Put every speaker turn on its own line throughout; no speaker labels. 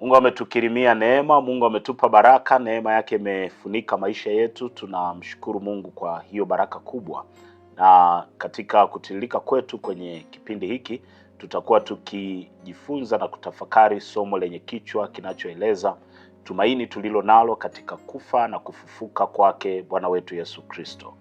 Mungu ametukirimia neema, Mungu ametupa baraka, neema yake imefunika maisha yetu. Tunamshukuru Mungu kwa hiyo baraka kubwa, na katika kutiririka kwetu kwenye kipindi hiki tutakuwa tukijifunza na kutafakari somo lenye kichwa kinachoeleza tumaini tulilo nalo katika kufa na kufufuka kwake Bwana wetu Yesu Kristo.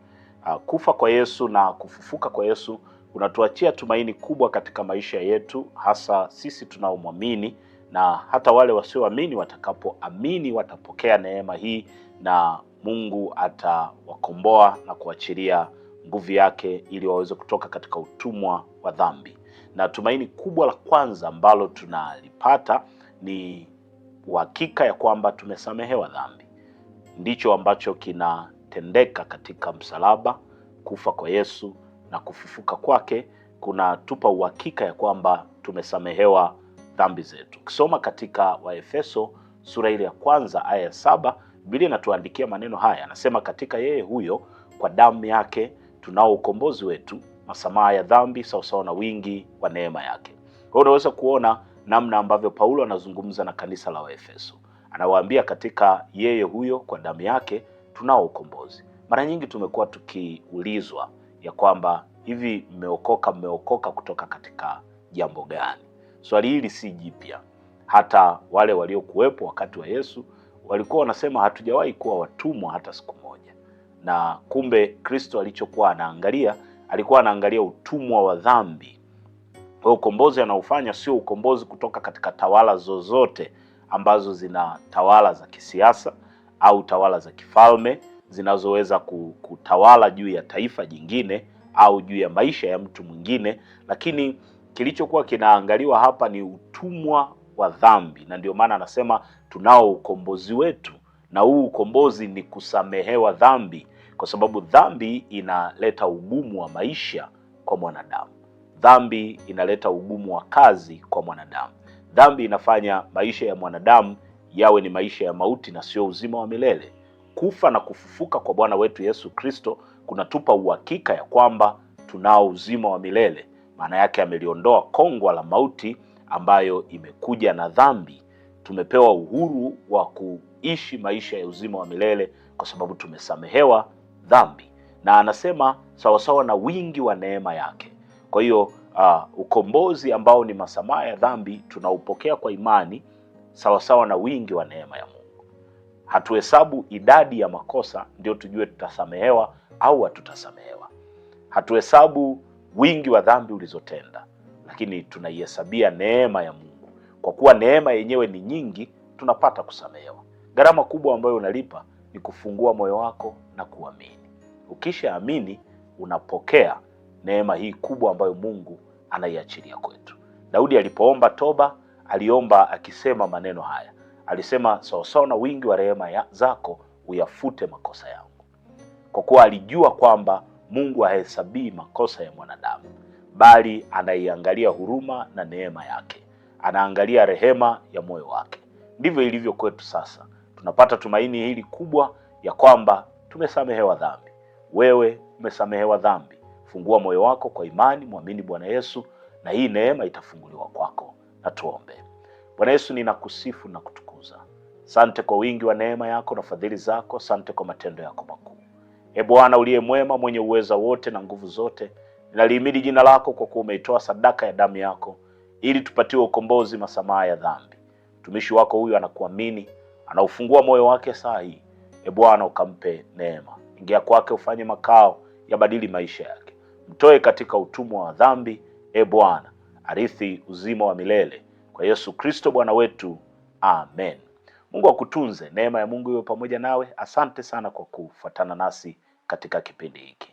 Ah, kufa kwa Yesu na kufufuka kwa Yesu unatuachia tumaini kubwa katika maisha yetu, hasa sisi tunaomwamini na hata wale wasioamini watakapoamini watapokea neema hii na Mungu atawakomboa na kuachilia nguvu yake ili waweze kutoka katika utumwa wa dhambi. Na tumaini kubwa la kwanza ambalo tunalipata ni uhakika ya kwamba tumesamehewa dhambi. Ndicho ambacho kinatendeka katika msalaba. Kufa kwa Yesu na kufufuka kwake kunatupa uhakika ya kwamba tumesamehewa dhambi zetu. Ukisoma katika Waefeso sura ile ya kwanza aya ya saba Biblia inatuandikia maneno haya, anasema katika yeye huyo kwa damu yake tunao ukombozi wetu, masamaha ya dhambi sawasawa na wingi wa neema yake. Kwa hiyo unaweza kuona namna ambavyo Paulo anazungumza na kanisa la Waefeso, anawaambia katika yeye huyo kwa damu yake tunao ukombozi. Mara nyingi tumekuwa tukiulizwa ya kwamba hivi mmeokoka, mmeokoka kutoka katika jambo gani? Swali hili si jipya. Hata wale waliokuwepo wakati wa Yesu walikuwa wanasema hatujawahi kuwa watumwa hata siku moja, na kumbe Kristo alichokuwa anaangalia, alikuwa anaangalia utumwa wa dhambi kwa hiyo ukombozi anaofanya sio ukombozi kutoka katika tawala zozote ambazo zina tawala za kisiasa au tawala za kifalme zinazoweza kutawala juu ya taifa jingine au juu ya maisha ya mtu mwingine, lakini kilichokuwa kinaangaliwa hapa ni utumwa wa dhambi, na ndio maana anasema tunao ukombozi wetu, na huu ukombozi ni kusamehewa dhambi, kwa sababu dhambi inaleta ugumu wa maisha kwa mwanadamu. Dhambi inaleta ugumu wa kazi kwa mwanadamu. Dhambi inafanya maisha ya mwanadamu yawe ni maisha ya mauti na sio uzima wa milele. Kufa na kufufuka kwa Bwana wetu Yesu Kristo kunatupa uhakika ya kwamba tunao uzima wa milele. Maana yake ameliondoa kongwa la mauti ambayo imekuja na dhambi. Tumepewa uhuru wa kuishi maisha ya uzima wa milele kwa sababu tumesamehewa dhambi, na anasema sawasawa na wingi wa neema yake kwa hiyo uh, ukombozi ambao ni masamaha ya dhambi tunaupokea kwa imani sawasawa na wingi wa neema ya Mungu. Hatuhesabu idadi ya makosa ndio tujue tutasamehewa au hatutasamehewa. Hatuhesabu wingi wa dhambi ulizotenda, lakini tunaihesabia neema ya Mungu. Kwa kuwa neema yenyewe ni nyingi, tunapata kusamehewa. Gharama kubwa ambayo unalipa ni kufungua moyo wako na kuamini. Ukishaamini unapokea neema hii kubwa ambayo Mungu anaiachilia kwetu. Daudi alipoomba toba aliomba akisema maneno haya, alisema sawasawa na wingi wa rehema zako uyafute makosa yangu, kwa kuwa alijua kwamba Mungu ahesabii makosa ya mwanadamu, bali anaiangalia huruma na neema yake, anaangalia rehema ya moyo wake. Ndivyo ilivyo kwetu sasa. Tunapata tumaini hili kubwa ya kwamba tumesamehewa dhambi. Wewe umesamehewa dhambi, Fungua moyo wako kwa imani, mwamini Bwana Yesu na hii neema itafunguliwa kwako. Na tuombe. Bwana Yesu, ninakusifu na kutukuza. Sante kwa wingi wa neema yako na fadhili zako, sante kwa matendo yako makuu. E Bwana uliye mwema, mwenye uweza wote na nguvu zote, ninalihimidi jina lako kwa kuwa umeitoa sadaka ya damu yako ili tupatiwe ukombozi, masamaha ya dhambi. Mtumishi wako huyu anakuamini, anaufungua moyo wake saa hii. E Bwana, ukampe neema, ingia kwake, ufanye makao, yabadili maisha yake mtoe katika utumwa wa dhambi, e Bwana, arithi uzima wa milele kwa Yesu Kristo Bwana wetu, amen. Mungu akutunze, neema ya Mungu iwe pamoja nawe. Asante sana kwa kufuatana nasi katika kipindi hiki.